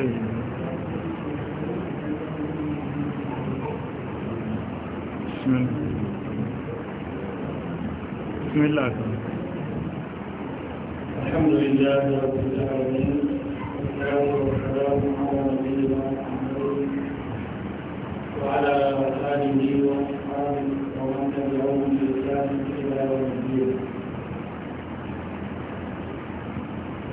بسم الله بسم الله الحمد لله رب العالمين والسلام والسلام على نبينا محمد وعلى آله وصحبه ومن تبعهم بإحسان إلى يوم الدين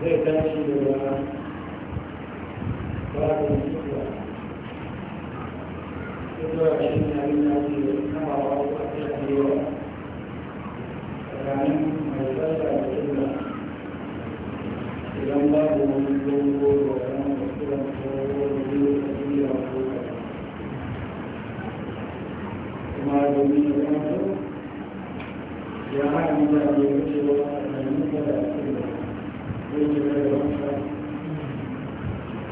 zai tashi daga bayan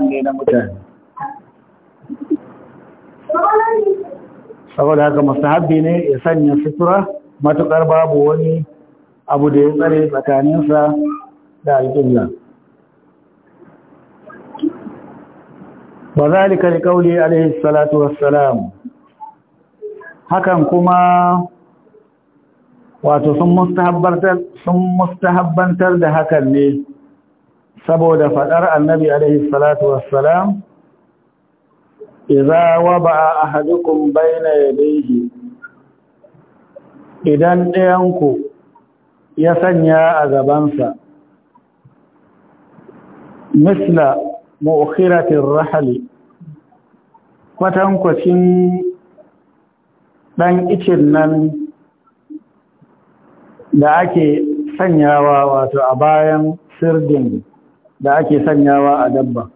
imani ne na mutane saboda haka ne ya sanya sutura matuƙar babu wani abu da ya tsare tsakaninsa da alƙibla wa zalika a alayhi salatu wassalam hakan kuma wato sun musta sun da hakan ne saboda faɗar annabi alaihi salatu wassalam idza waba ahadukum baina yadayhi idan ɗayanku ya sanya a gabansa misla mu'khiratir rahali kwatankwacin ɗan icin nan da ake sanyawa wato a bayan sirdin da ake sanyawa a dabba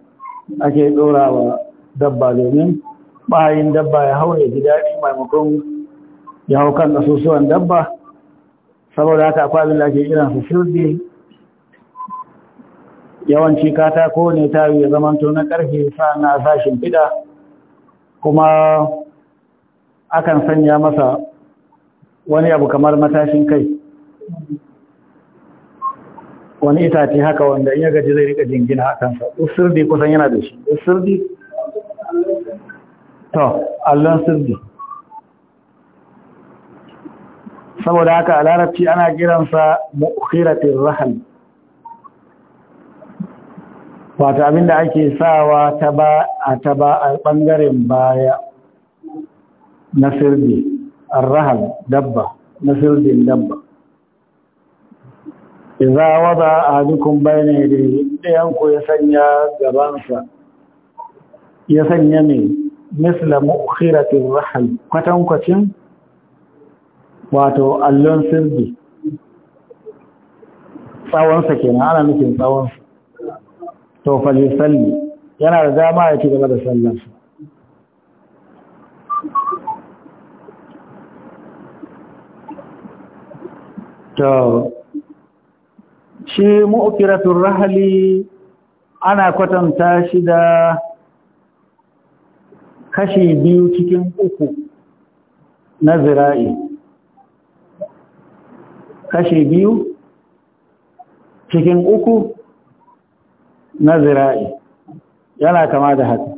ake ɗorawa dabba domin bayan dabba ya hau ya ne maimakon ya hau kan asusuwan dabba saboda haka akwai abin da ake su shirdi yawanci katako ne ta yi zamanto na ƙarfe na sashin fida kuma akan sanya masa wani abu kamar matashin kai wani itace haka wanda in ya gaji zai rika jingina a kansa usurdi kusan yana da shi usurdi to allon sirdi saboda haka a larabci ana kiransa mu'khiratir rahal wato abinda ake sawa ta ba a ta ba a bangaren baya na sirdi arrahal dabba na sirdin dabba iza wada a dukkan bayan da yanku ya sanya gabansa ya sanya ne misla mu'khiratin rahal kwatankwacin wato allon sirri tsawonsa kenan ana nufin tsawonsa to falisalli yana da dama ya ci gaba da sallarsa to shi mu'kiratun rahali ana kwatanta shi da kashi biyu cikin uku na zira'i kashi biyu cikin uku na zira'i yana kama da haka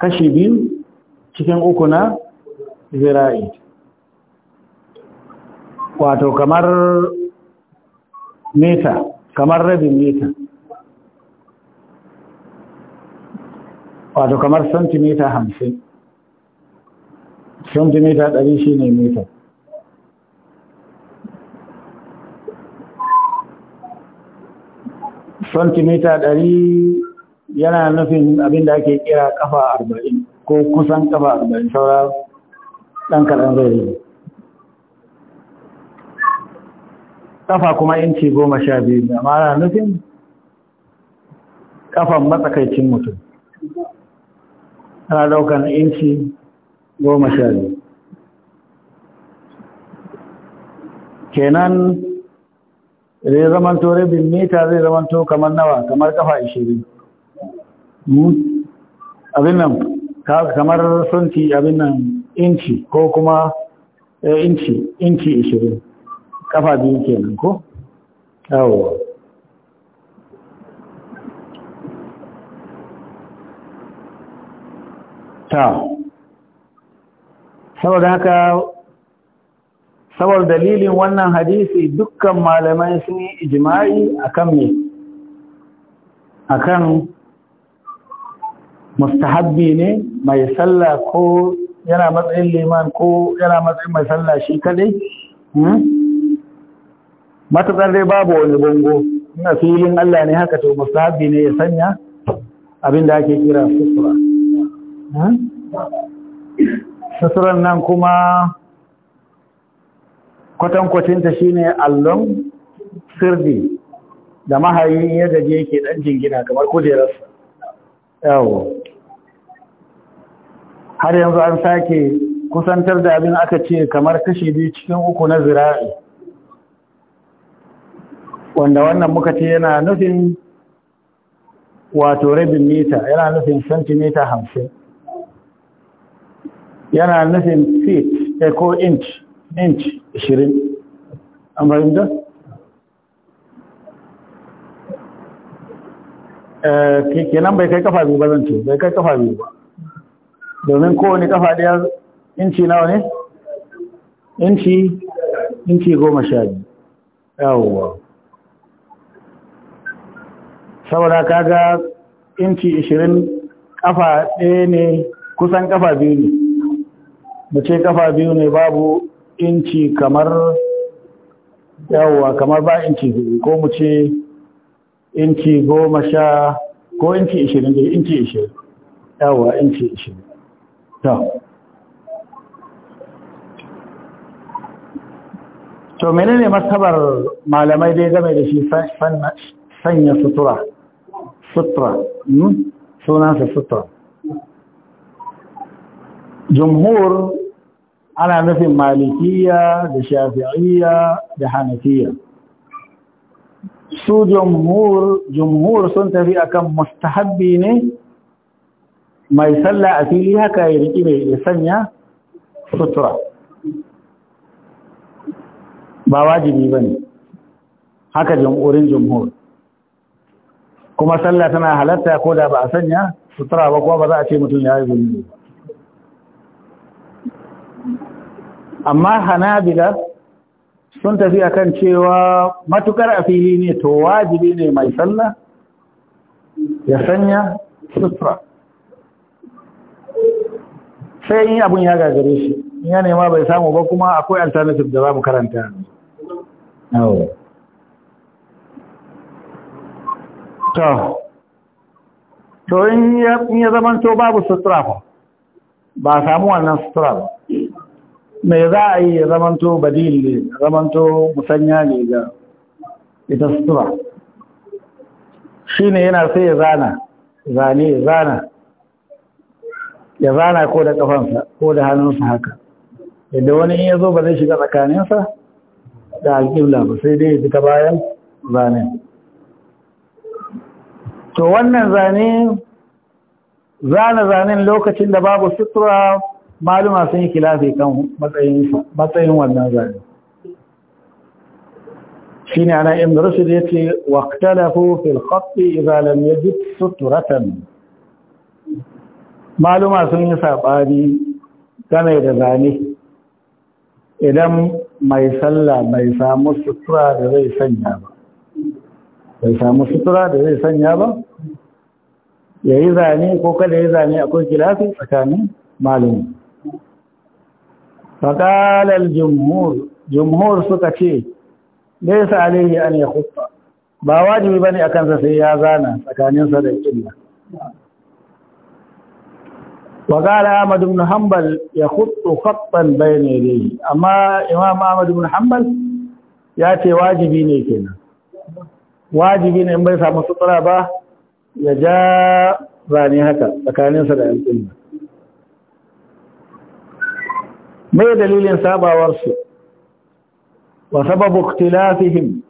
kashi biyu cikin uku na zira'i wato kamar mita kamar rabin mita wato kamar santimita hamsin santimita ɗari shi ne mita santimita ɗari yana nufin abin da ake kira ƙafa arba'in ko kusan ƙafa arba'in saura ɗan kaɗan zai yi kafa kuma inci goma sha biyu ne amma ana nufin kafan matsakaicin mutum ana daukan inci goma sha biyu kenan zai zamanto rabin mita zai zamanto kamar nawa kamar kafa ishirin hmm? abin nan kamar sunci abin nan inci ko kuma eh, inci inci ishirin kafa biyu kenan ko yawo ta saboda haka saboda dalilin wannan hadisi dukkan malamai sun yi ijimai akan a kan mustahabbi ne mai sallah ko yana matsayin liman ko yana matsayin mai sallah shi kadai hmm? matuƙar dai babu wani bango ina filin Allah ne haka to musabbi ne ya sanya abin da ake kira sutura hmm? suturan nan kuma kwatankwacinta ne allon sirdi da mahayi ya gaje yake ɗan jingina kamar kujerarsa yawo har yanzu an sake kusantar da abin aka ce kamar kashi biyu cikin uku na zira'i wanda wannan muka ce yana nufin wato rabin mita yana nufin santimita hamsin yana nufin feet eh, ko inch inch ishirin an da? Eh, kenan bai kai kafa biyu ba zan ce bai kai kafa biyu ba domin kowane kafa daya inci nawa ne? inci inci goma sha biyu yawon saboda kaga inci ishirin kafa ɗaya ne kusan kafa biyu ne mu ce kafa biyu ne babu inci kamar yawwa kamar ba inci biyu ko mu ce inci goma sha ko inci ishirin da inci ishirin yawwa inci ishirin to to menene masabar malamai dai game da shi sanya sutura sutra hmm? sunansa sutra jumhur ana nufin malikiya da shafi'iyya da hanafiya su jumhur jumhur sun tafi akan mustahabbi ne mai sallah a fili haka ya riki mai ya sanya sutura ba wajibi ba ne haka jam'urin jumhur kuma sallah tana halatta ko da ba a sanya sutura ba kuma ba za a ce mutum ya yi zunubi amma hanabila sun tafi akan cewa matukar a fili ne to wajibi ne mai sallah ya sanya sutura sai yin abun ya gagare shi ya nema bai samu ba kuma akwai alternative da za mu karanta. to to in ya zaman to babu sutura ba ba samu wannan sutura ba mai za a yi ya zaman to badil ne zaman to musanya ne ga ita sutura shi ne yana sai ya zana zane ya zana ya zana ko da kafansa ko da hannunsa haka yadda wani in ya zo ba zai shiga tsakaninsa da alƙibla ba sai dai ya fita bayan zane. to wannan zane zane zanen lokacin da babu sutura maluma sun yi kilafi kan matsayin wannan zane shi ne ana su da ya ce waqtalahu fil khatti ya ji suturatan maluma sun yi saɓari gane da zane idan mai sallah mai samu sutura da zai sanya ba bai samu sutura da zai sanya ba ya yi zane ko kada ya zane akwai kilafi tsakanin malumi Fakalar jimhur, jimhur suka ce dai sa alihi an ya kusa, ba wajibi ba ne a kansa sai ya zana tsakaninsa da ƙilla وقال احمد بن حنبل يخط خطا بين يديه amma Imam Ahmadu بن Hanbal ya ce wajibi ne kenan wajibi ne in bai samu sutura ba ya ja zane haka tsakaninsa da yankin mai dalilin sabawarsu wa sababu ikhtilafihim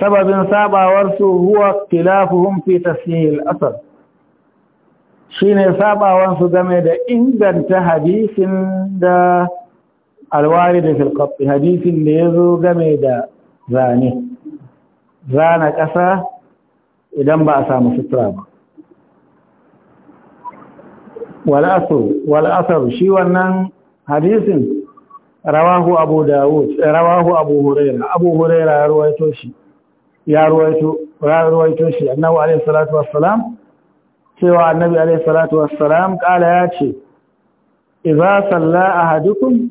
sababin sabawarsu huwa ikhtilafuhum fi tasihil asar shine sabawansu game da inganta hadisin da alwari da qat hadisin da ya zo game da zane zana ƙasa? idan ba a samu sutura ba wal asar shi wannan hadisin rawahu abu dawud eh, rawahu abu huraira abu huraira ya ruwaito shi ya ruwaito ya ruwaito shi annabi alayhi salatu wassalam cewa annabi alayhi salatu wassalam kala ya ce idza salla ahadukum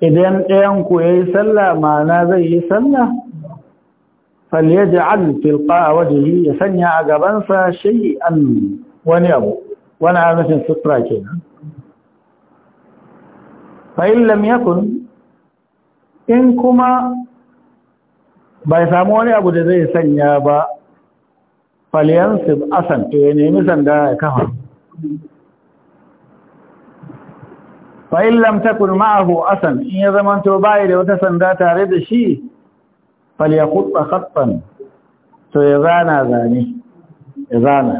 idan ɗayan ku yayi sallah ma'ana zai yi sallah falyaj'al tilqa wajhi ya sanya a gabansa shay'an wani abu wani nufin sutra kenan fa in lam yakun in kuma bai samu wani abu da zai sanya ba fal falyansib asan to ya nemi sanda ya kafa fa in lam takun ma'ahu asan in ya zamanto bai da wata sanda tare da shi falyakutta khattan to ya zana zane ya zana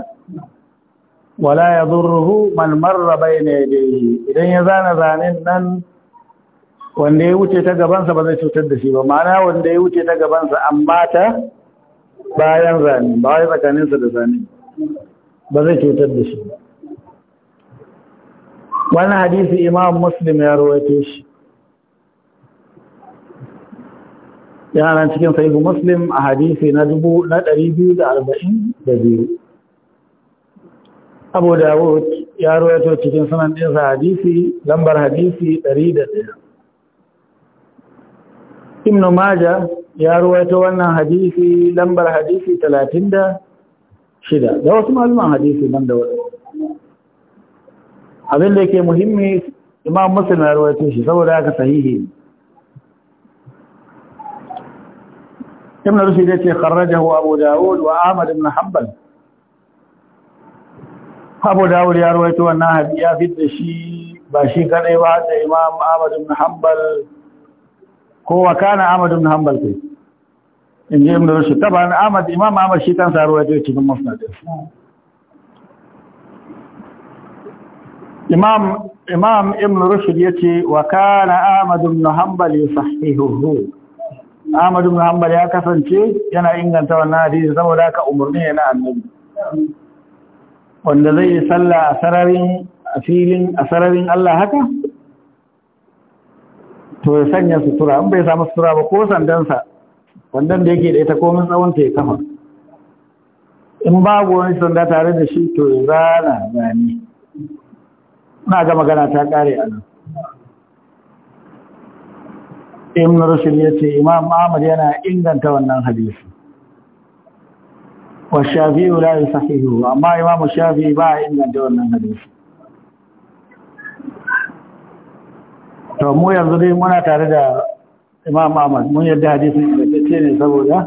wala yadurruhu man marra bayna yadayhi idan ya zana zanen nan wanda ya wuce ta gabansa ba zai cutar da shi ba ma'ana wanda ya wuce ta gabansa an bata bayan zane ba wai tsakaninsa da zane ba zai cutar da shi wani hadisi imam muslim ya rawaito shi yaran cikin sahihu muslim a hadisi na dubu na ɗari biyu da arba'in da biyu abu dawud ya rawaito cikin sunan ɗinsa hadisi lambar hadisi ɗari da ɗaya ibnu maja ya rawaito wannan hadisi lambar hadisi talatin da shida da wasu malaman hadisi ban da wasu abin da ke muhimmi imam muslim ya rawaito shi saboda haka sahihi ibn rushd yace kharrajahu abu daud wa ahmad ibn hanbal abu daud ya rawaito wannan hadisi ya fitta shi ba shi kadai ba da imam ahmad ibn hanbal ko wa kana ahmad ibn hanbal kai in ji ibn rushd taban ahmad imam ahmad shi kan sa rawaito cikin musnad imam imam ibn rushd yace wa kana ahmad ibn hanbal yusahihuhu Ahmadu Muhammad ya kasance yana inganta wannan hadisi saboda haka umarni yana annabi wanda zai salla sallah a sararin a filin a sararin Allah haka to ya sanya sutura in bai samu sutura ba ko sandansa wandan da yake da ita komin tsawon ta ya kafa in babu wani sanda tare da shi to ya zana zane na ga magana ta kare a nan ibn rushd ya ce imam ahmad yana inganta wannan hadisi wa shafi'i la sahihu amma imam shafi'i ba inganta wannan hadisi to mu yanzu dai muna tare da imam ahmad mun yadda hadisin ce ne saboda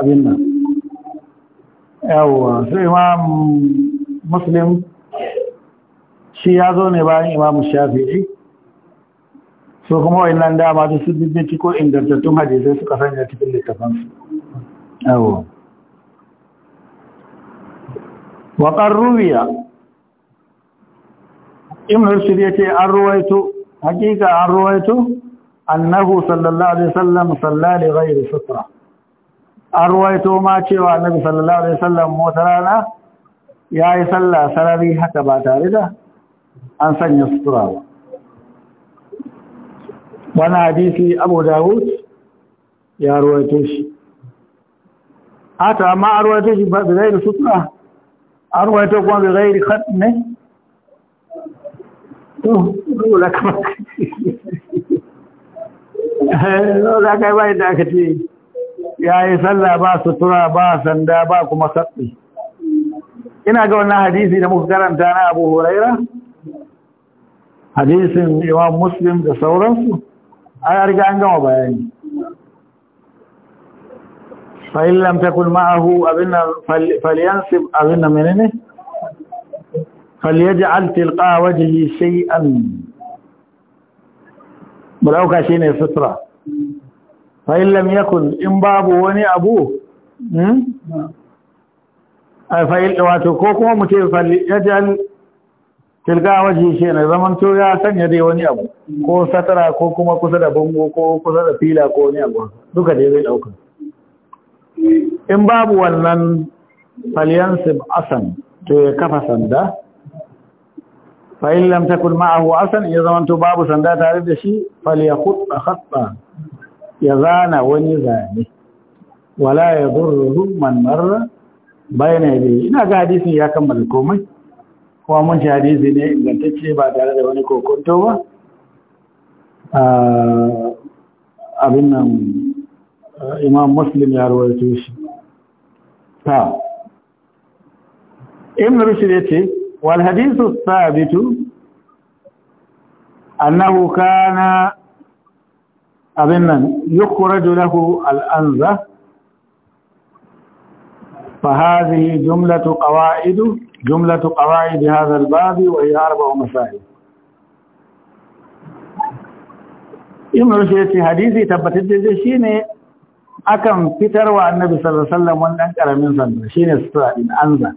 abin nan yawwa su imam muslim shi ya zo ne bayan imam shafi'i so kuma wa dama da su bibbinci ko ingantattun hadisai suka sanya cikin littafansu awo waƙar ruwiya ibn rushd ya ce an ruwaito hakika an ruwaito annahu sallallahu alaihi wasallam sallali ghairi sutura. an ruwaito ma cewa annabi sallallahu alaihi sallam mota rana ya yi sallah sarari haka ba tare da an sanya sutura ba wani hadisi abu dawud ya ruwaito shi ta amma a ruwaito shi ba zai da sutura a ruwaito kuma da zai da kan ne to rula kama zo za zai yi bayan da aka ce ya yi sallah ba sutura ba sanda ba kuma katsi ina ga wannan hadisi da muka karanta na abu huraira hadisin imam muslim da sauransu أي أرجع عنده بيان يعني. فإن لم تكن معه أبنى فل... فلينصب أبنى منه فليجعل تلقى وجهه شيئا بلعوك عشين الفطرة فإن لم يكن إن بابه وني أبوه فإن لواتكوكم فليجعل tilka waje shi ne zaman to ya sanya dai wani abu ko satara ko kuma kusa da bango ko kusa da fila ko wani abu duka dai zai dauka in babu wannan falyansib asan to ya kafa sanda fa in lam takun ma'ahu asan ya zaman to babu sanda tare da shi falyakutta khatta ya zana wani zane wala yadurru man marra bayna bi ina ga hadisi ya kammala komai kuma mun ci hadisi ne ingantacce ba tare da wani kokonto ba abin nan imam muslim ya ta. shi ta ibn rushd yace wal hadithu thabitu annahu kana abin nan yukhraju lahu al'anza anza fa hadhihi jumlatu qawaidu جملة قواعد هذا الباب وهي أربع مسائل Ibn Rushd yace hadisi tabbatar da shi ne akan fitarwa Annabi sallallahu alaihi wasallam wannan karamin sanda shine sutura din anza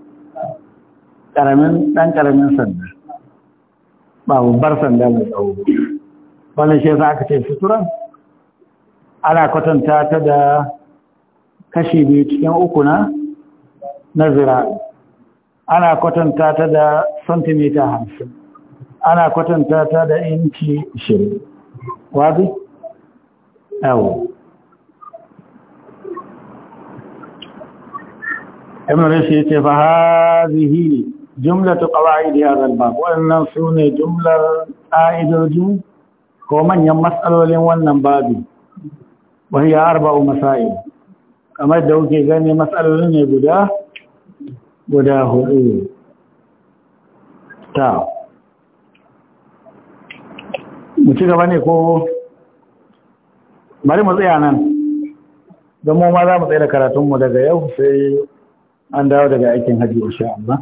karamin ɗan karamin sanda ba babbar sanda mai tsawo wannan shi yasa aka ce sutura ana kwatanta ta da kashi biyu cikin uku na nazira ana kwatanta ta da santimita hamsin ana kwatanta ta da inci shirin wazi? yawo emiris ya ce fahazihi jumla ta ƙawa'id ya zalba waɗannan su ne jumlar ƙa'idojin ko manyan matsalolin wannan babi wani ya arba'u masa'i kamar da kuke gani matsalolin ne guda guda hudu ta mu ci gaba ne ko bari mu tsaya nan don mu ma za mu tsaye da karatunmu daga yau sai an dawo daga aikin hajji insha Allah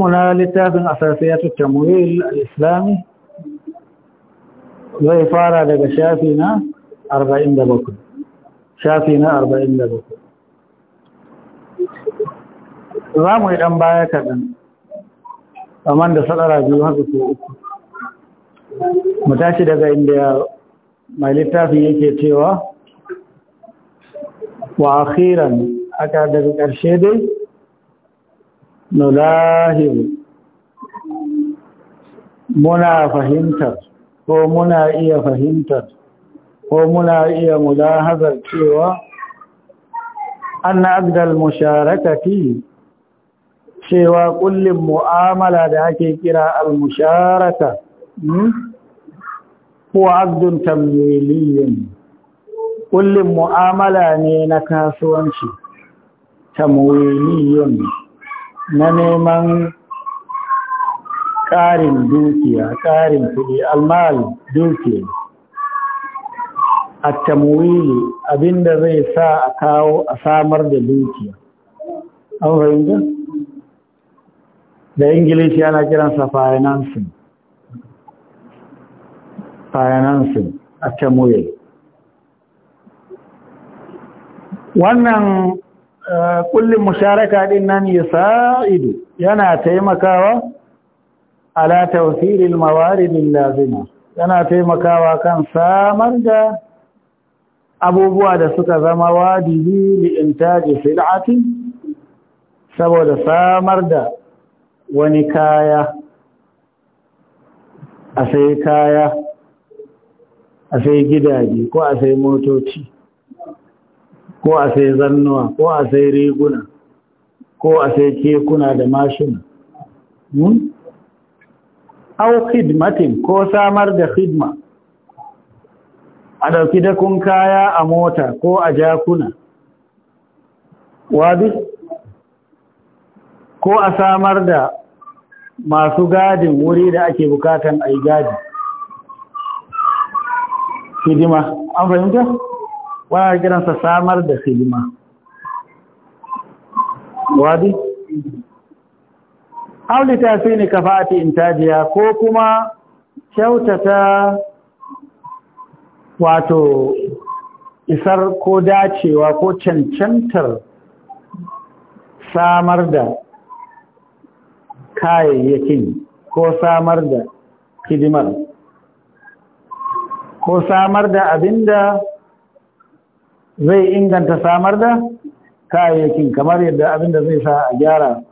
mu na littafin asasiyatu tamwil al-islami zai fara daga shafi na 47 shafi na 47 za mu yi ɗan baya kaɗan a man da sadara biyu haka ko uku mu tashi daga inda mai littafin yake cewa wa akhiran aka daga ƙarshe dai nulahiru muna fahimtar ko muna iya fahimtar ko muna iya mulahazar cewa an abdal musharakati cewa kullum mu'amala da ake kira al-musharaka ko hmm, abdun tamiliyin kullum mu'amala ne na kasuwanci tamiliyin na neman ƙarin dukiya ƙarin kuɗi almal dukiya a tamwili abinda zai sa a kawo a samar da dukiya an fahimta da ingilishi ana kiransa financing financing a tamwili wannan kullum musharaka din nan sa’idu yana taimakawa ala tausirin mawaridin lazima yana taimakawa kan samar da abubuwa da suka zama wajibi li intaji sil'ati saboda samar da wani kaya a sai kaya a sai gidaje ko a sai motoci ko a sai zannuwa ko a sai riguna ko a sai kekuna da mashina hmm? au khidmatin ko samar da khidma a ɗauki dakon kaya a mota ko a jakuna wadi ko a samar da masu gadin wuri da ake bukatan a yi gadi hidima an fahimta? wa kiransa samar da hidima wadi auli tasiri kafati intajiya ko kuma kyautata wato isar ko dacewa ko cancantar samar da kayayyakin ko samar da hidimar ko samar da abinda zai inganta samar da kayayyakin kamar yadda abin da zai sa a gyara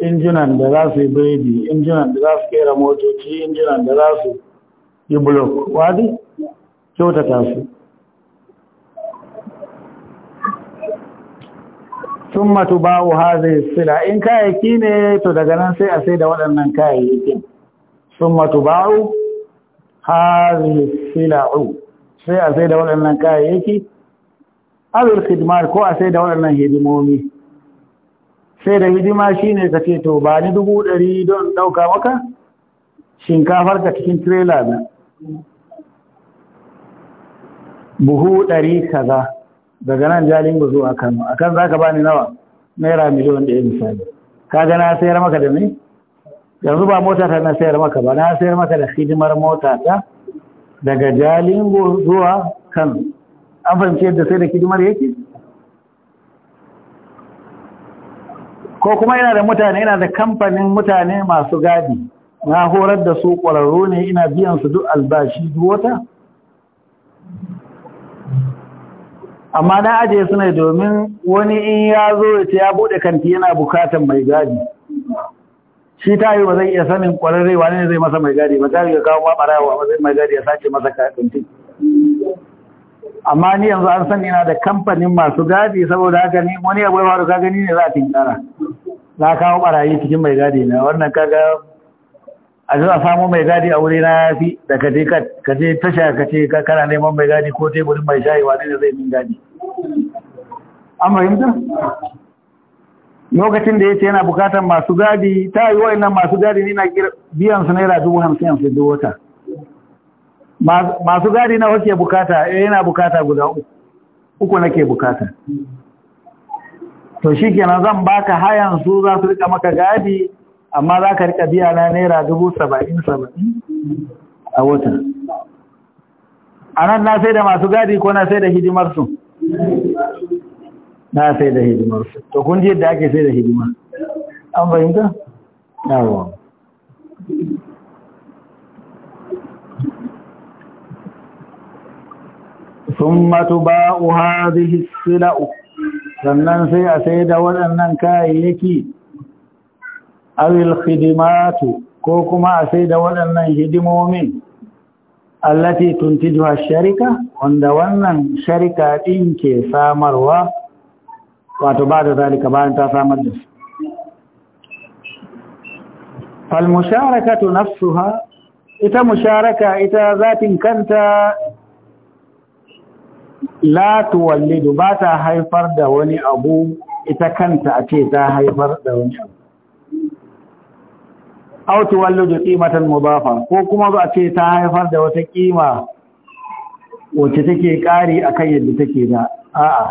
injunan da za su yi biredi injunan da za su kera motoci injunan da za su yi blok wadi kyautata su sun matu ba'u hazai sila in kayayyaki ne to daga nan sai a sai da waɗannan kayayyakin sun matu ba'u hazai sila'u sai a sai da waɗannan kayayyaki awil khidmar ko a sai da waɗannan hidimomi sai da hidima shi ne ka ce to ba ni dubu ɗari don ɗauka maka shinkafar ka cikin tirela na buhu ɗari kaza daga nan jalingo zuwa kano kan za ka bani nawa naira miliyon ɗaya misali Ka ga na sayar maka da ne yanzu ba mota ta na sayar maka ba na sayar maka da hidimar mota ta daga jalingo zuwa kano an fahimci yadda sai da hidimar yake ko kuma yana da mutane yana da kamfanin mutane masu gadi na horar da su ƙwararru ne ina biyan su duk albashi duk wata amma na ajiye su ne domin wani in ya zo ce ya buɗe kanti yana bukatan mai gadi shi ta yi ba zai iya sanin ƙwararrewa ne zai masa mai gadi ba ta yi kawo ma ɓarawa ba zai mai gadi ya sace masa kanti amma ni yanzu an san ina da kamfanin masu gadi saboda haka ni wani abu ya faru ka gani ne za a tinkara za a kawo barayi cikin mai gadi na wannan kaga a zuwa samu mai gadi a wuri na fi da ka je tasha ce ka kana neman mai gadi ko teburin mai shayi wani ne zai min gadi an fahimta lokacin da ya ce yana bukatar masu gadi ta yi nan masu gadi ni na biyan su naira dubu hamsin yanzu duk wata masu gadi na wake bukata yana eh, bukata guda uku uku nake bukata to shi kenan zan baka hayan su za su rika maka gadi amma za ka rika biya na naira dubu saba'in saba'in a wata a nan na sai da masu gadi ko na sai da hidimarsu na sai da hidimarsu to kun ji yadda ake sai da hidima an fahimta? yawon ثم تباع هذه السلع sannan sai a sai da waɗannan kayayyaki awil khidimatu ko kuma a sai da waɗannan hidimomin allati tuntijuha sharika wanda wannan sharika din ke samarwa wato ba da zalika bayan ta samar da su falmusharakatu nafsuha ita musharaka ita zatin kanta la tuwallidu ba ta haifar da wani abu ita kanta a ce ta haifar da wani abu au tuwallidu qimatan mudafa ko kuma ba a ce ta haifar da wata kima wacce take kari akan yadda take da a'a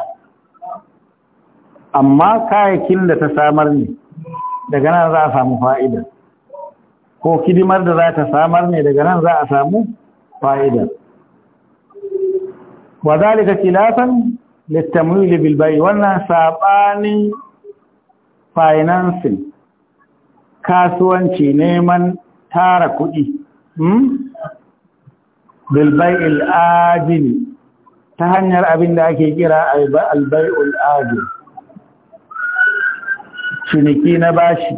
amma kayakin da ta samar ne daga nan za a samu fa'ida ko kidimar da za ta samar ne daga nan za a samu fa'ida wa zalika khilafan litamwili bil bay wannan sabani financing kasuwanci neman tara kuɗi hmm? bil bai'il ajil ta hanyar abin da ake kira albai'ul ajil ciniki na bashi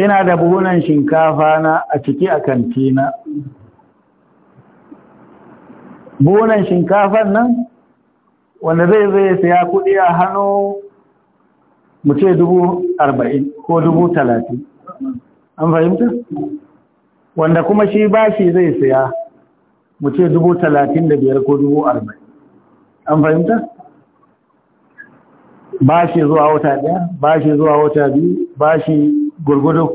ina da buhunan shinkafa na a ciki a kantina bunan shinkafan nan wanda zai zai saya kuɗi a hannu mu ce dubu arba'in ko dubu talatin an fahimta wanda kuma shi bashi zai saya mu ce dubu talatin da biyar ko dubu arba'in an fahimta bashi zuwa wata ɗaya bashi zuwa wata biyu bashi gurgudu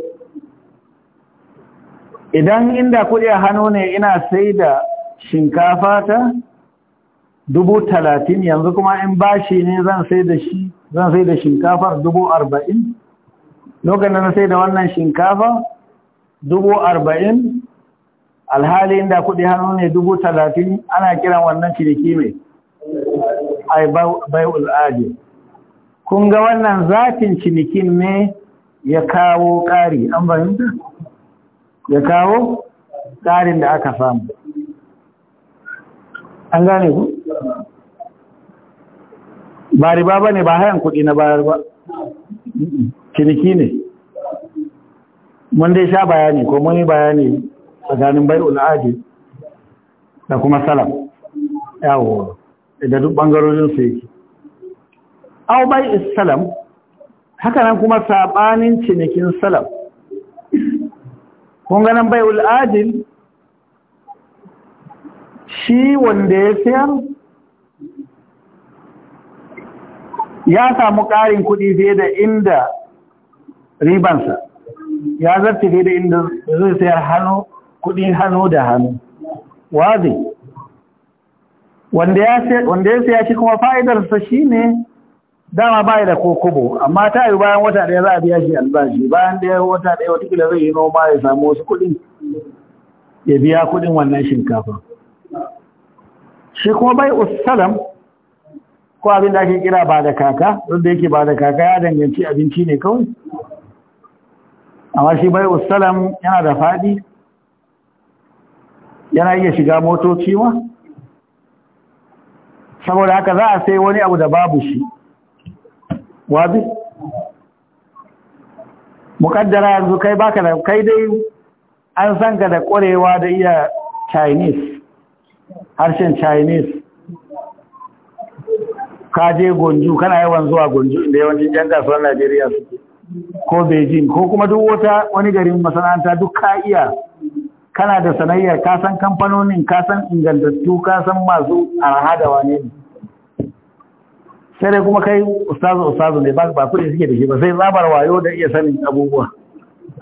idan inda kuɗi a hannu ne ina sai da shinkafa ta dubu talatin yanzu kuma in bashi ne zan sai da shi zan sai da shinkafar dubu arba'in lokacin da na sai da wannan shinkafa dubu arba'in alhali inda kuɗi hannu ne dubu talatin ana kiran wannan ciniki mai ai bai ul'adi kun ga wannan zafin cinikin ne ya kawo ƙari an fahimta ya kawo ƙarin da aka samu an gane ku ba riba ba ne ba hayan kuɗi na bayar ba ciniki ne mun dai sha bayani ko muni bayani tsakanin bai'ul adi da kuma salam yawo da duk bangarorin su yake au bai'is salam haka nan kuma sabanin cinikin salam kun ganin bai'ul adil shi wanda ya sayar ya samu ƙarin kuɗi fiye da inda ribansa ya zarce fiye da inda zai sayar hannu kuɗi hannu da hannu wazi wanda ya siya shi kuma fa'idarsa shi ne dama bai da kokobo amma ta yi bayan wata ɗaya za a biya shi albashi bayan ɗaya wata ɗaya watakila zai yi noma ya samu wasu kuɗi ya biya kuɗin wannan shinkafa shi kuma bai usalam ko abin da ake kira ba da kaka don da yake ba da kaka ya danganci abinci ne kawai amma shi bai usalam yana da faɗi yana iya shiga motoci ma saboda haka za a sai wani abu da babu shi wabi mukaddara yanzu kai baka da kai dai an san da kwarewa da iya chinese harshen chinese ka je gonju kana yawan zuwa gonju inda yawancin jan kasuwar najeriya suke ko beijing ko kuma duk wata wani garin masana'anta duk ka iya kana da sanayyar ka san kamfanonin ka san ingantattu ka san masu arha da wane ne sai dai kuma kai ustazu ustazu ne ba kuɗi suke da shi ba sai zabar wayo da iya sanin abubuwa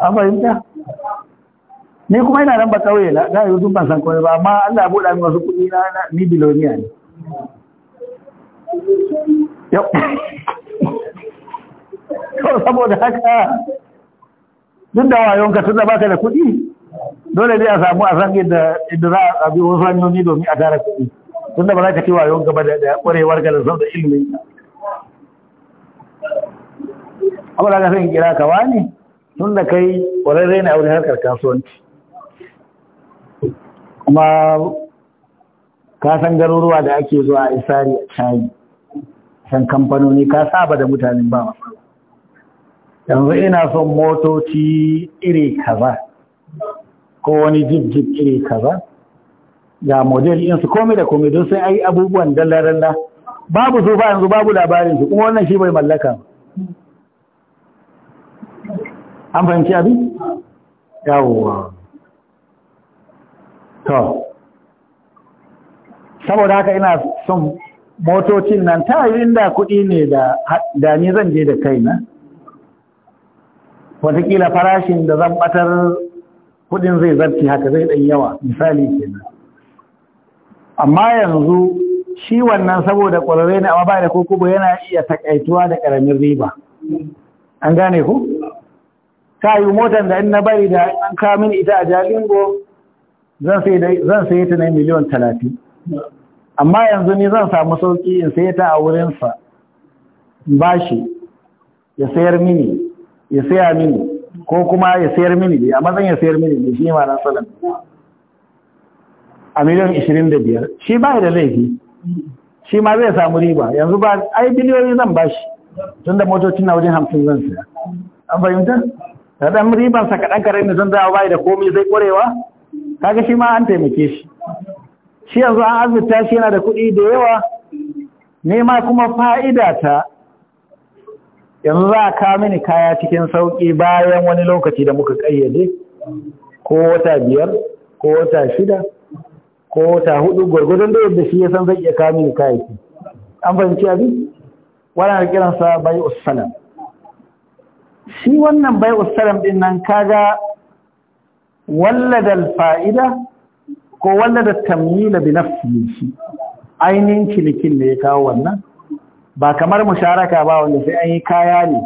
an fahimta ni kuma ina nan ba kauye na da yanzu ban san kawai ba amma Allah ya bude min wasu kuɗi na ni biloniya ne yau saboda haka duk da wayonka tunda baka da kuɗi dole ne a samu a san yadda yadda za a bi wasu hanyoyi domin a tara kuɗi tunda ba za ka ci wayonka ba da kwarewar ga da da ilimin ka amma da ka san kira ka wani tunda kai ƙwararre ne a wurin harkar kasuwanci kuma ka san garuruwa da ake zuwa a isari a cani san kamfanoni ka saba da mutanen ba masu yanzu ina son motoci iri kaza ko wani jib iri kaza ga model insu komi da komai don sun yi abubuwan dalla-dalla babu su ba yanzu babu labarin su kuma wannan shi bai mallaka an fahimci abin? yawon to saboda haka ina son motocin nan ta yi inda kuɗi ne da ni zan je da kaina watakila farashin da zan batar kuɗin zai zarci haka zai ɗan yawa misali kenan amma yanzu shi wannan saboda ƙwararre ne amma ba da kokobo yana iya takaituwa da ƙaramin riba an gane ku ta yi motar da in na bari da an kamin ita a jalingo zan saye ta na miliyan talatin amma yanzu ni zan samu sauƙi in saye ta a wurinsa bashi ya sayar mini ya saya mini ko kuma ya sayar mini ne a matsayin ya sayar mini ne shi ne ma'anar salam a miliyan 25 shi ba da laifi shi ma zai samu riba yanzu ba ai biliyoyi zan bashi tun da motocin na wajen hamsin zan saya an fahimta da ɗan ribansa kaɗan kare ne zan zawa bai da komai zai ƙwarewa kaga shi ma an taimake shi shi yanzu an azurta shi yana da kuɗi da yawa nema kuma fa'ida ta yanzu za a kawo mini kaya cikin sauƙi bayan wani lokaci da muka ƙayyade ko wata biyar ko wata shida ko wata hudu gwargwadon da yadda shi ya san zai iya kawo mini kayaki an fahimci abin wannan kiransa bai usalam shi wannan bai usalam din nan kaga wallada fa'ida ko wallada tamyila bi nafsihi shi ainihin cinikin da ya kawo wannan ba kamar musharaka ba wanda sai an yi kaya ne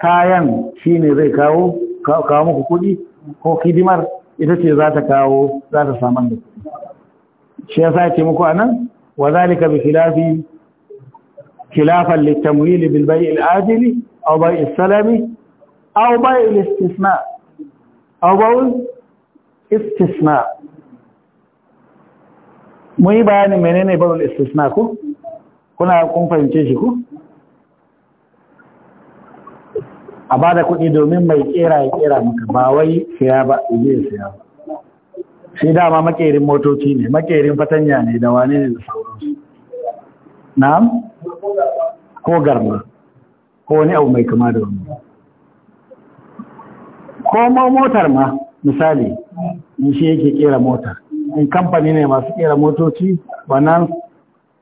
kayan shi ne zai kawo kawo muku kuɗi ko hidimar ita ce za ta kawo za ta saman da shi ya sa ce muku anan wa zalika bi khilafi khilafan litamwil bil bai' al ajili bai' al salami aw bai' al istisna abawun istisna mun yi bayanin menene babu istisna ku? kuna kun fahimce shi ku? a ba da kuɗi domin mai kera ya kera maka ba wai siya ba ije siya ba shi dama makerin motoci ne makerin fatanya ne da wane ne da sauransu na'am ko garma ko wani abu mai kama da wani Komo motar ma misali in shi yake kera motar in kamfani ne masu kera motoci wannan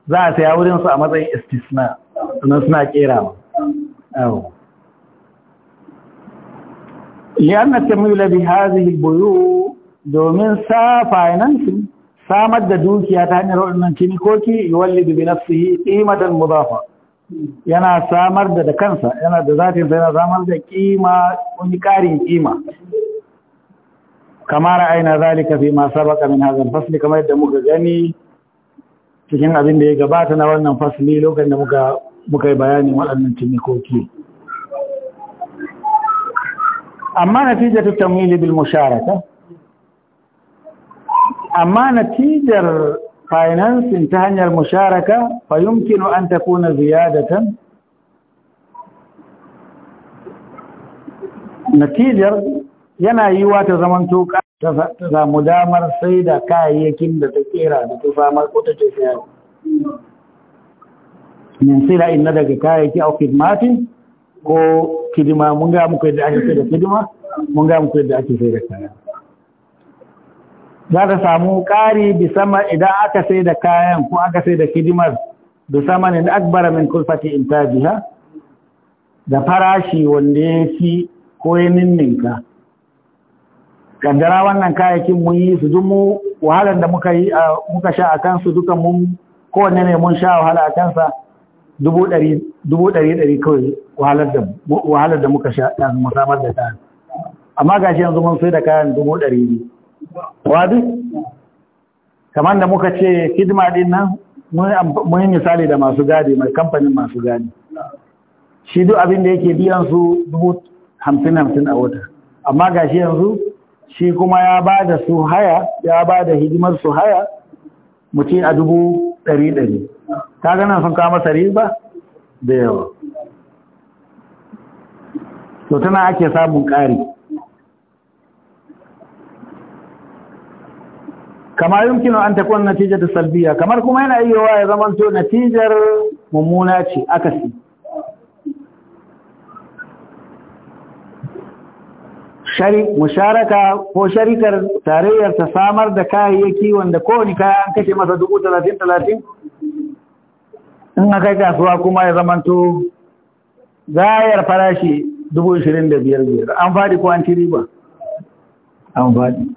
za a saya wurinsu a matsayin istisna sannan suna kerawa liyan tamila bi hadhihi buyu domin sa finance samar da dukiya ta hanyar waɗannan cinikoki yuwallidu bi nafsihi qimatan mudafa yana samar da da kansa yana da zatin sa yana samar da kima wani ƙarin kima kamar aina zalika fi ma sabaka min hadha fasli kamar yadda muka gani cikin abin da ya gabata na wannan fasli lokacin da muka muka yi bayani waɗannan cinikoki amma natijatu tamwili bil musharaka amma natijar financing ta hanyar musharaka fa yumkinu an takuna ziyadatan natijar yana yiwa ta zaman zamanto ta samu damar sai da kayayyakin da ta kera da ta samar ko ta ce min sila inna daga kayayyaki a kidmatin ko kidima mun ga muku yadda ake sai da kidima mun ga muku yadda ake sai da kaya za ta samu ƙari bisama idan aka sai da kayan ko aka sai da hidimar bi samanin akbara min kulfati intajiha da farashi wanda ya fi ko ya ninninka kaddara wannan kayakin mun yi su duk mu wahalar da muka yi ah, muka sha a kansu duka mun kowanne ne mun sha wahala a kansa dubu ɗari ɗari kawai wahalar da muka sha ɗan musamman da ta amma gashi yanzu mun sai da kayan dubu ɗari ne. Wadi? kamar da muka ce hidima din nan mun misali da masu gadi mai kamfanin masu gadi shi duk abin da yake biyan su dubu hamsin hamsin a wata amma ga shi yanzu shi kuma ya ba da su haya ya ba da hidimar su haya mutum a dubu ɗari ɗari ta ganin sun kama sari ba da yawa to tana ake samun ƙari kama yumkinu an takun natijatu salbiya kamar kuma yana wa ya zaman to natijar mummuna ce akasi shari musharaka ko sharikar tarayyar ta samar da kayayyaki wanda koWani kaya an kashe masa dubu talatin talatin in aka yi kasuwa kuma ya to zayar farashi dubu ishirin da biyar biyar an faɗi ko an ci riba an faɗi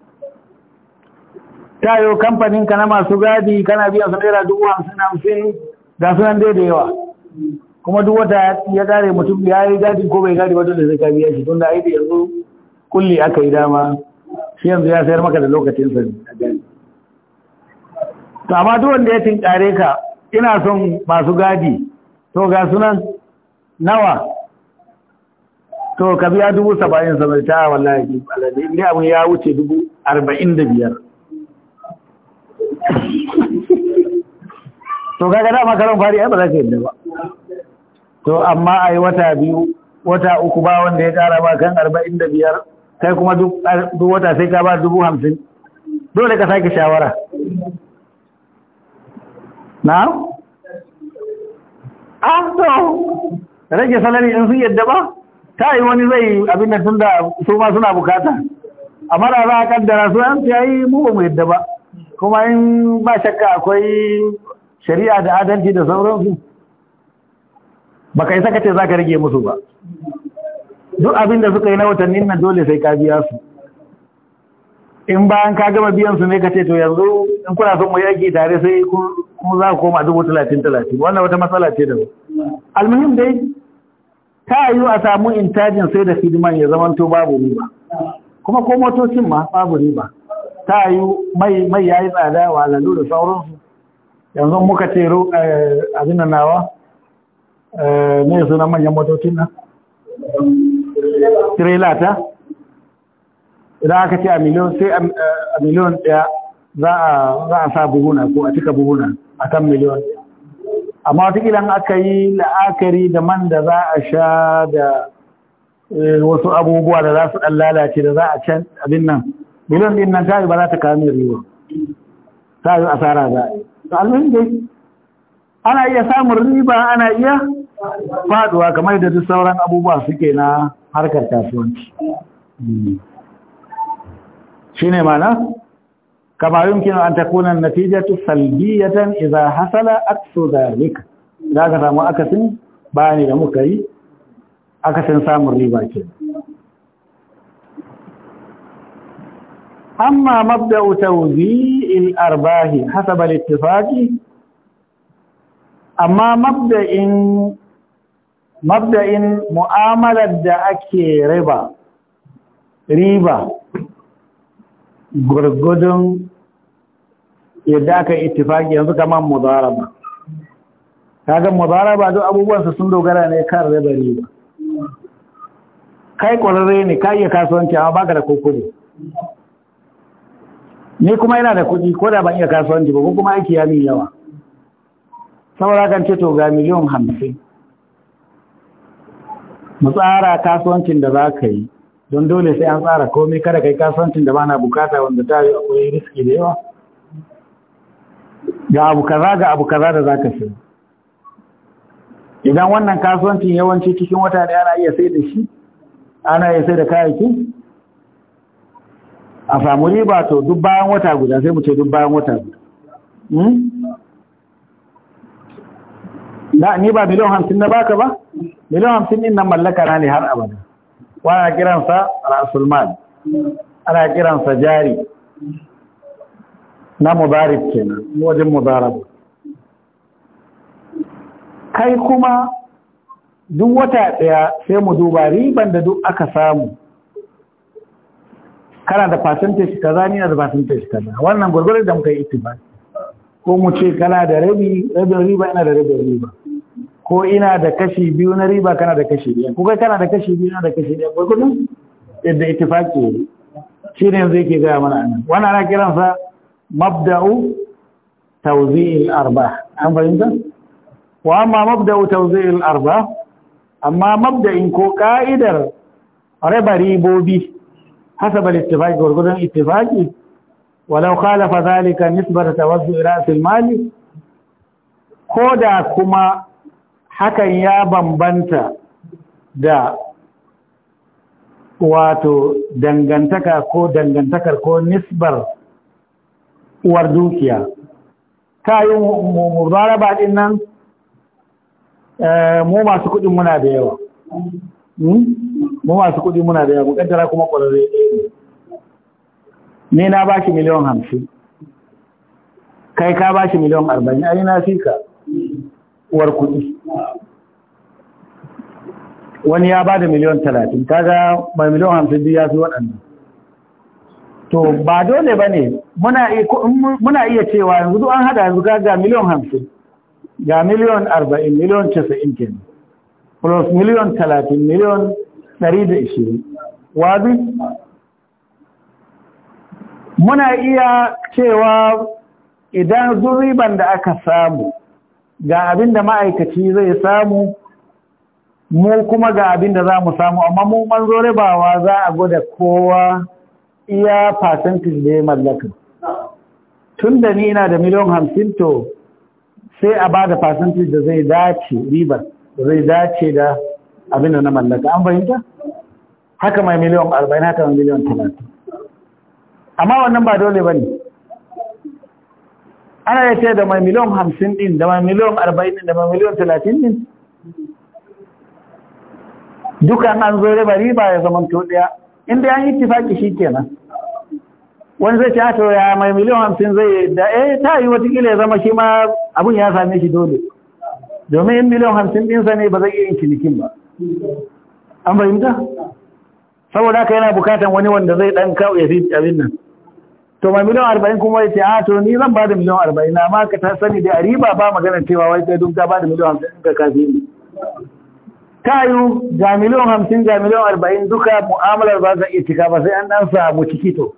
tayo kamfanin ka na masu gadi kana biya su naira dubu hamsin hamsin ga sunan dai da yawa kuma duk wata ya kare mutum ya yi gadi ko bai gadi ba dole zai ka biya shi tun da aiki yanzu kulli aka yi dama shi yanzu ya sayar maka da lokacin sa to amma duk wanda ya tinkare ka ina son masu gadi to ga sunan nawa to ka biya dubu saba'in saba'in ta wallahi alade ne abin ya wuce dubu arba'in da biyar to kaga dama karon fari ai ba za ka yadda ba to amma ai wata biyu wata uku ba wanda ya kara ba kan arba'in da biyar kai kuma duk wata sai ka ba dubu hamsin dole ka sake shawara na? An to rage salari in sun yadda ba ta yi wani zai abin da tun da su ma suna bukata amma da za a kaddara su an ya yi mu ba mu yadda ba kuma in ba shakka akwai shari'a da adalci da sauransu ba ka yi saka za ka rage musu ba duk abin da suka yi na watannin nan dole sai ka biya su in bayan ka gama biyan su ne ka ce to yanzu in kuna son mu yaki tare sai kun za ku koma dubu talatin talatin wannan wata matsala ce da su almuhim dai ta yi a samu intajin sai da hidiman ya zamanto babu riba kuma ko motocin ma babu riba ta yi mai mai yi tsada wa lalu da sauransu yanzu muka ce eh, abin nan nawa ne eh, na manyan motocin nan tirela ta idan aka ce a miliyon sai a eh, miliyon ɗaya za a sa buhuna ko a cika buhuna a kan miliyon amma watakila aka yi la'akari da man da za a sha da wasu abubuwa da za su ɗan lalace da za a can abin nan miliyan din nan ba za ta kawo mai riba ta yi asara za a almin dai ana iya samun riba ana iya faduwa kamar da duk sauran abubuwa suke na harkar kasuwanci hmm. shi ne mana kama kino an takuna natijatu salbiyatan iza hasala da rika. za ka samu akasin bayani da muka yi akasin samun riba kenan أما مبدأ توزيع الأرباح حسب Amma أما مبدأ مبدأ مؤاملة دعك ربا ربا gurgudun yadda aka ittifaki yanzu kamar mudaraba kaga mudaraba duk abubuwansa sun dogara ne kan riba riba kai ƙwararre ne ka iya kasuwanci amma baka da kokobo ni kuma yana da kuɗi ko da ban iya kasuwanci ba ko kuma aiki ya min yawa saboda kan ce to ga miliyan hamsin mu tsara kasuwancin da za ka yi don dole sai an tsara komai kada kai kasuwancin da ba na bukata wanda ta yi akwai riski da yawa ga abu kaza ga abu kaza da za ka sai idan wannan kasuwancin yawanci cikin wata da ana iya sai da shi ana iya sai da kayayyakin a samu riba to duk bayan wata guda sai mu ce duk bayan wata guda na hmm? ni ba miliyan hamsin na baka ba miliyan hamsin din nan mallaka na ne har abada ana kiransa rasulman ana kiransa jari na mubarib kenan wajen mubarak kai kuma duk wata ɗaya sai mu duba riban da duk aka samu kana da percentage kaza ni na da percentage kaza wannan gurgurar da muka yi ittifaq ko mu ce kana da rabi rabin riba ina da rabin riba ko ina da kashi biyu na riba kana da kashi biyu ko kai kana da kashi biyu na da kashi biyu gurgurun yadda ittifaqi ne shi ne yanzu yake gaya mana nan? wannan ana kiransa mabda'u tawzi'il arba an fahimta wa amma mabda'u tawzi'il arba amma mabda'in ko ka'idar raba ribobi حسب الاتفاق والقدم اتفاقي ولو خالف ذلك نسبة توزع رأس المال كودا كما حكا يا بمبنتا دا wato dangantaka ko dangantakar ko nisbar uwar dukiya ta yi mubaraba ɗin nan mu masu kuɗin muna da yawa Hmm? mu masu kuɗi muna da yabu ƙaddara kuma ƙwararre ɗaya ne ne na ba shi miliyan hamsin kai ka ba shi miliyan arba'in ai na fi ka uwar kuɗi wani ya ba da miliyan talatin ga mai miliyan hamsin biyu ya fi waɗannan to ba dole ba ne muna iya cewa yanzu an hada yanzu ga miliyan hamsin ga miliyan arba'in miliyan casa'in kenan plus miliyan talatin miliyan ɗari da ishirin wazi muna iya cewa idan zuriban da aka samu ga abin da ma'aikaci zai samu mu kuma ga abin da za mu samu amma mu manzo ribawa za a gwada kowa iya percentage da ya mallaka tun da ni ina da miliyan hamsin to sai a ba da da zai dace ribar zai dace da abin da na mallaka an fahimta haka mai miliyan arba'in haka mai miliyan talatin amma wannan ba dole ba ne ana ya ce da mai miliyan hamsin din da mai miliyan arba'in din da mai miliyan talatin din dukan an zo riba riba ya zama to daya inda an yi tifaki shi kenan wani zai ce a ah, to ya mai miliyan hamsin zai da eh ta yi watakila ya zama shi ma abun ya same shi dole domin in miliyan hamsin ɗinsa ne ba zai iya yin cinikin ba an fahimta saboda haka yana bukatan wani wanda zai ɗan kawo ya fi abin nan to ma miliyan arba'in kuma ya ce a ah, to ni zan ba da miliyan arba'in na ma ka ta sani da a riba ba magana cewa wai kai duk ka ba da miliyan hamsin ka kafi ne Ka yiwu ga miliyan hamsin ga miliyan arba'in duka mu'amalar ba za iya cika ba sai an ɗan samu cikito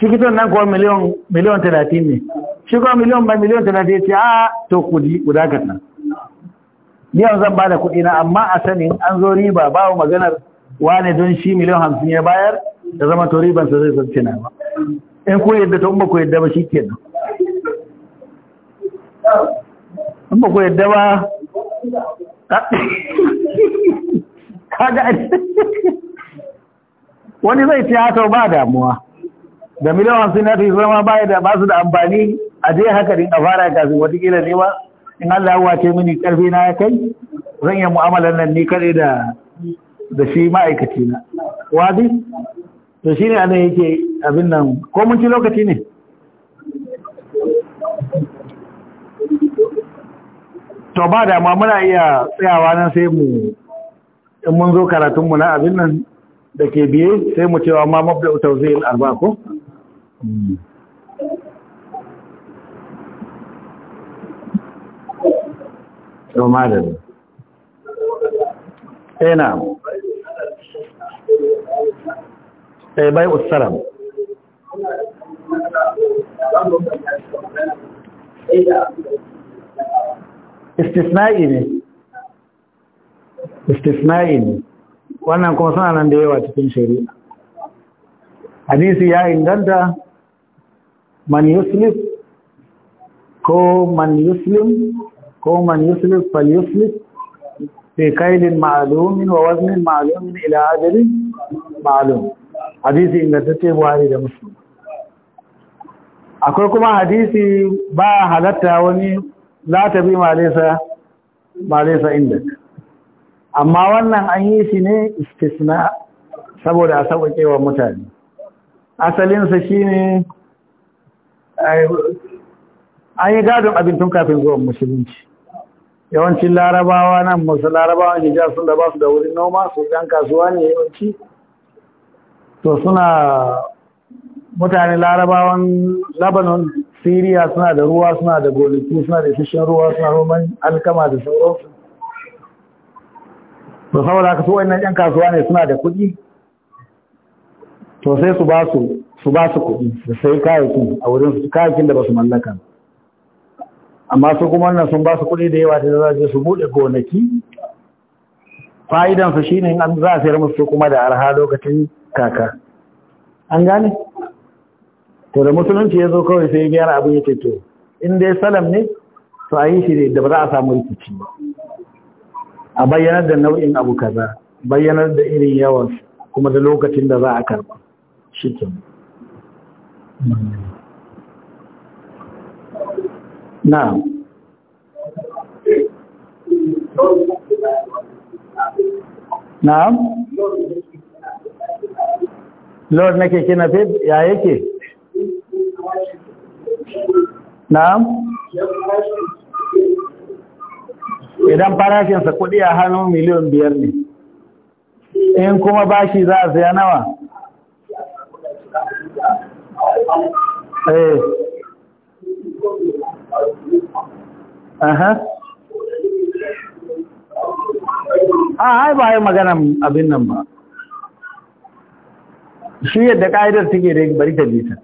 cikiton nan kuma miliyan talatin ne shi kuma miliyan ba miliyan talatin ya ce a ah, to kudi guda kan nan yau zan ba da kuɗi na amma a sanin an zo riba babu maganar wane don shi miliyan hamsin ya bayar da zama to ribansa zai zance na ba in ku yadda to in ba ku yadda ba shi ke nan in ba ku yadda ba kaga wani zai ce haka ba damuwa da miliyan hamsin na ta zama ba su da amfani a je haka din a fara kafin watakila ne ba in Allah ya wace mini karfi na ya kai zan yi mu'amalar nan ni kare da da shi ma'aikaci na wadi to shine anan yake abin nan ko mun ci lokaci ne to ba da ma muna iya tsayawa nan sai mu in mun zo karatun mu na abin nan da ke biye sai mu cewa ma mabda'u tawzi'il arba ko hmm. to malami sai eh, na sai eh, bai usaram istisna'i ne istisna'i ne wannan kuma suna nan da yawa cikin shari'a hadisi ya inganta man yuslim ko man yuslim ko man yuslik fal yuslik fi kailin ma'lumin wa waznin ma'lumin ila ajalin ma'lum hadisi ingantacce buhari da muslim akwai kuma hadisi ba halatta wani latabi malesa malesa inda amma wannan an yi shi ne istisna saboda a sauƙaƙe wa mutane asalinsa shi ne an yi gadon abin tun kafin zuwan musulunci yawancin larabawa nan musu larabawan hijab sun da ba su da wurin noma su ɗan kasuwa ne yawanci to suna mutane larabawan labanon siriya suna da ruwa suna da gonaki suna da fishin ruwa suna roman alkama da sauransu to saboda haka su wannan ɗan kasuwa ne suna da kuɗi to sai su ba su su kuɗi su sai kayakin a wurin su kayakin da ba su mallaka amma su kuma wannan sun ba su kuɗi da yawa da za su buɗe gonaki fa'idansu shi ne an za a sayar musu kuma da arha lokacin kaka an gane to da musulunci ya zo kawai sai gyara abin ya to in dai salam ne to a yi shi ne da ba za a samu rikici a bayyanar da nau'in abu kaza bayyanar da irin yawan kuma da lokacin da za a karba shi kenan na na lord nake kina fi ya yake na idan farashinsa kuɗi a hannun miliyan biyar ne in kuma bashi za a saya nawa eh aha a ah, ai ba yi maganan abin nan ba shi yadda ƙa'idar take da bari ta bita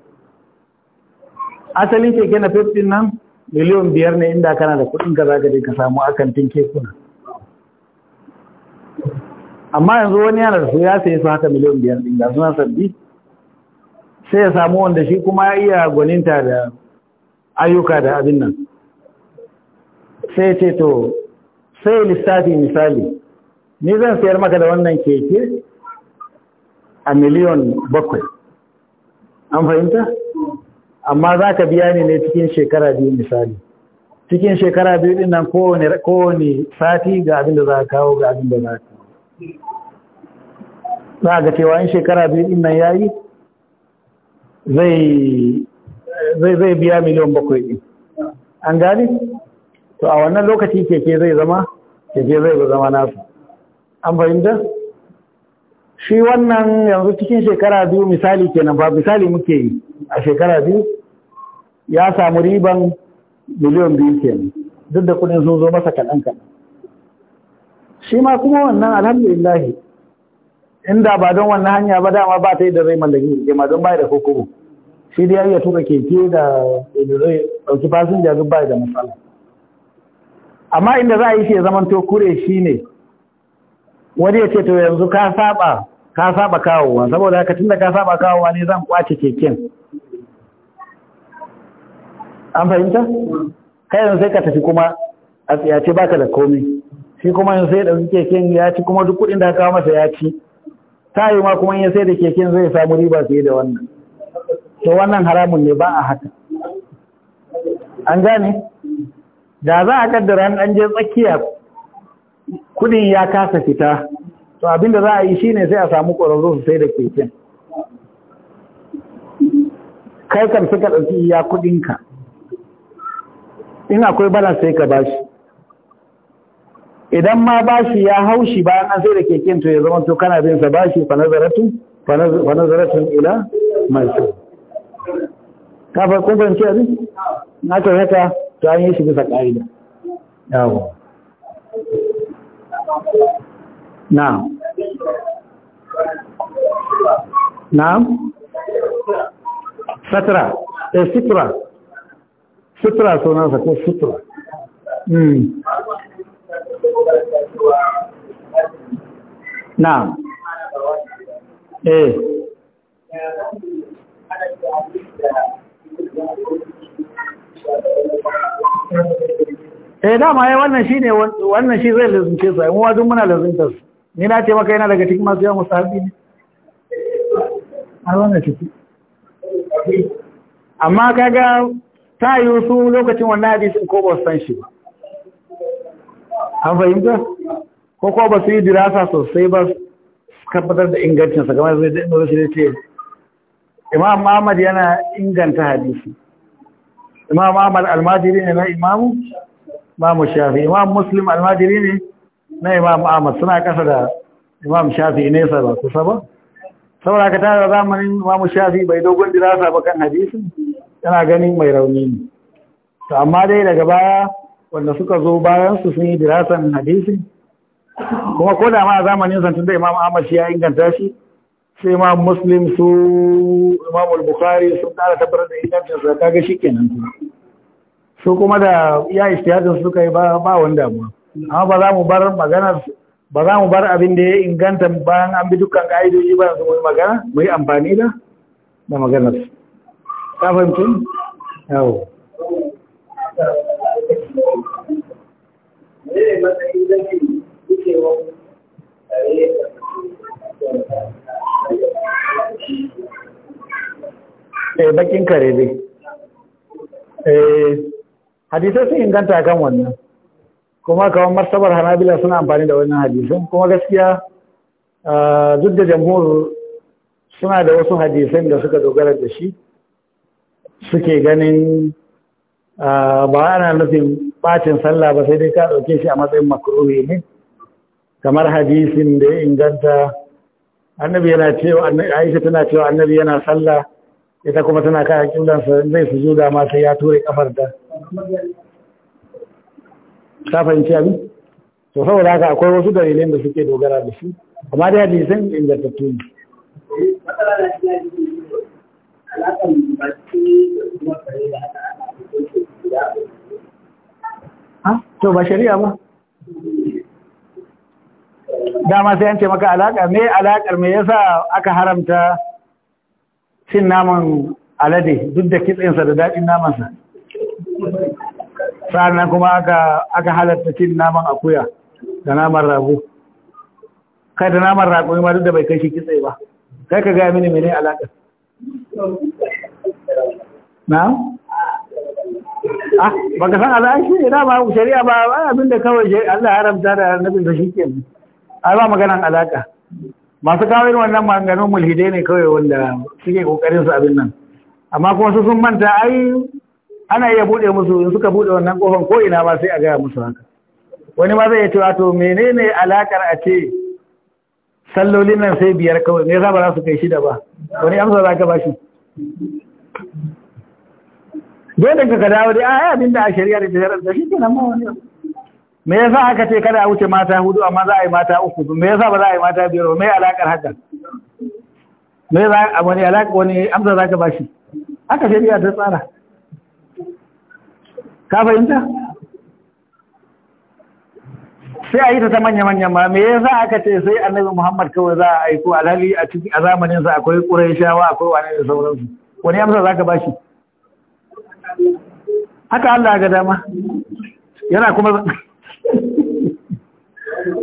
asalin keke na 15 nan miliyon biyar ne inda kana da kudin ka za ka samu ka samu kekuna amma yanzu wani yana da su ya sayi su haka miliyon biyar ɗin da suna sabbi sai ya samu wanda shi kuma ya iya gwaninta da ayyuka da abin nan sai ce to sai lissafi misali ni zan sayar maka da wannan keke a miliyon bakwai an fahimta amma za ka biya ni ne cikin shekara biyu misali cikin shekara biyu din nan kowane sati ga abin da za ka kawo ga abin da za ka za ga cewa in shekara biyu din nan yayi zai zai biya miliyan bakwai ɗin an gani to a wannan lokaci keke zai zama keke zai zama nasu an fahimta shi wannan yanzu cikin shekara biyu misali kenan ba misali muke yi a shekara biyu ya samu riban miliyan biyu kenan duk da kudin sun zo masa kaɗan kaɗan shi ma kuma wannan alhamdulillahi inda ba don wannan hanya ba dama ba ta yi da zai mallaki ma don bai da kokobo shi dai ya tuka keke da zai ɗauki fasinja duk bai da matsala amma inda za a yi shi ya zaman to kure shi ne wani ya ce to yanzu ka saba ka saba kawowa saboda haka tunda ka saba kawowa ne zan kwace keken an fahimta kai yanzu sai ka tafi kuma a tsiyace baka da komai shi kuma yanzu sai ɗauki keken ya ci kuma duk kuɗin da ka kawo masa ya ci ta yi ma kuma in ya sai da keken zai samu riba fiye da wannan to wannan haramun ne ba a haka an gane da za a kaddara an je tsakiya kudin ya kasa fita to abinda za a yi shine sai a samu ƙwararru su sai da keken kai kan suka ɗauki iya kudinka in akwai balance sai ka bashi idan ma bashi ya haushi bayan an sai da keken to ya zama to kana bin sa bashi fa nazaratu fa nazaratu ila mansur ka fa ce abin na ta haka ta yi shi bisa ƙa'ida yawo na na satra e eh, sutura sutura sunansa ko sutura hmm. na e eh. eh dama ya wannan shi ne wannan shi zai lazumce su mu wajen muna lazumtar su ni na ce maka yana daga cikin masu yawan musahabi ne a wannan ciki amma kaga ta yi su lokacin wannan hadisin ko ba su san shi ba an fahimta ko ko ba su yi dirasa sosai ba su kabbatar da ingancinsa kamar zai da inda wasu ne ce imam ahmad yana inganta hadisi imam ahmad almajiri ne na imamu imamu shafi imam muslim almajiri ne na imam ahmad suna kasa da imam shafi nesa ba kusa ba saboda ka tara zamanin imam shafi bai dogon dirasa ba kan hadisi? yana ganin mai rauni ne to amma dai daga baya wanda suka zo bayan su sun yi dirasan hadisi? kuma ko da ma a zamanin santun da imam ahmad shi ya inganta shi Sai ma muslim su imam al-bukhari sun kara tabbatar da ingancin sa kaga shikenan su kuma da ya ishtihadin suka yi ba wanda ba, amma ba za mu bar magana ba za mu bar abin da ya inganta bayan an bi dukkan ka'idoji ba su mu magana mu yi amfani da da maganar ka fahimci yawo Thank you. eh bakin kare dai eh hadisai sun inganta kan wannan kuma kawai martabar hanabila suna amfani da wannan hadisan kuma gaskiya ah, duk da jamhur suna da wasu hadisan da suka dogara da shi suke ganin ah, ba ana nufin bacin sallah ba sai dai ka ɗauke shi a matsayin makaruhi ne kamar hadisin da ya inganta annabi yana cewa aisha tana cewa annabi yana sallah ita kuma tana kan sa zai sujuda ma sai ya ture kafar ta ta fahimci abin to saboda haka akwai wasu dalilin da suke dogara da shi amma dai hadisin ingantattu ne to ba shari'a ba dama sai an ce maka alaƙa me alaƙar me yasa aka haramta cin naman alade duk da kitsinsa da daɗin namansa sa'annan kuma aka aka halatta cin naman akuya da naman rago kai da naman rago ma duk da bai kai shi kitse ba kai ka gaya mini mene alaƙar na? ah baka san alaƙar shi ne dama shari'a ba abinda kawai shari'a. Allah haramta da da shi ke ai ba maganan alaka masu kawo irin wannan maganganun mulhidai ne kawai wanda suke kokarin su abin nan amma kuma su sun manta ai ana iya bude musu in suka bude wannan kofan ko ina ba sai a gaya musu haka wani ma zai iya cewa to menene alakar a ce sallolin nan sai biyar kawai me yasa ba za su kai shida ba wani amsa za ka ba shi dole ka dawo dai a abin da a shari'a da ta shari'a da shi kenan ma wani me yasa aka ce kada a wuce mata hudu amma za a yi mata uku me yasa ba za a yi mata biyar ba me alakar haka me za a wani alaka wani amsa za ka bashi haka shari'a ta tsara ka fahimta sai a yi ta ta manya-manyan ma me yasa aka ce sai annabi muhammad kawai za a aiko alhali a cikin a sa akwai ƙurai shawa akwai wani da sauransu wani amsa za ka bashi haka allah ga dama yana kuma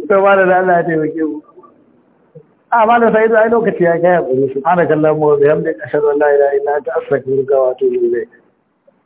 to ba da Allah ya taimake mu a ma da sai da lokaci ya kai hakuri subhanakallahumma wa da ashhadu an la ilaha illa anta astaghfiruka wa atubu ilayk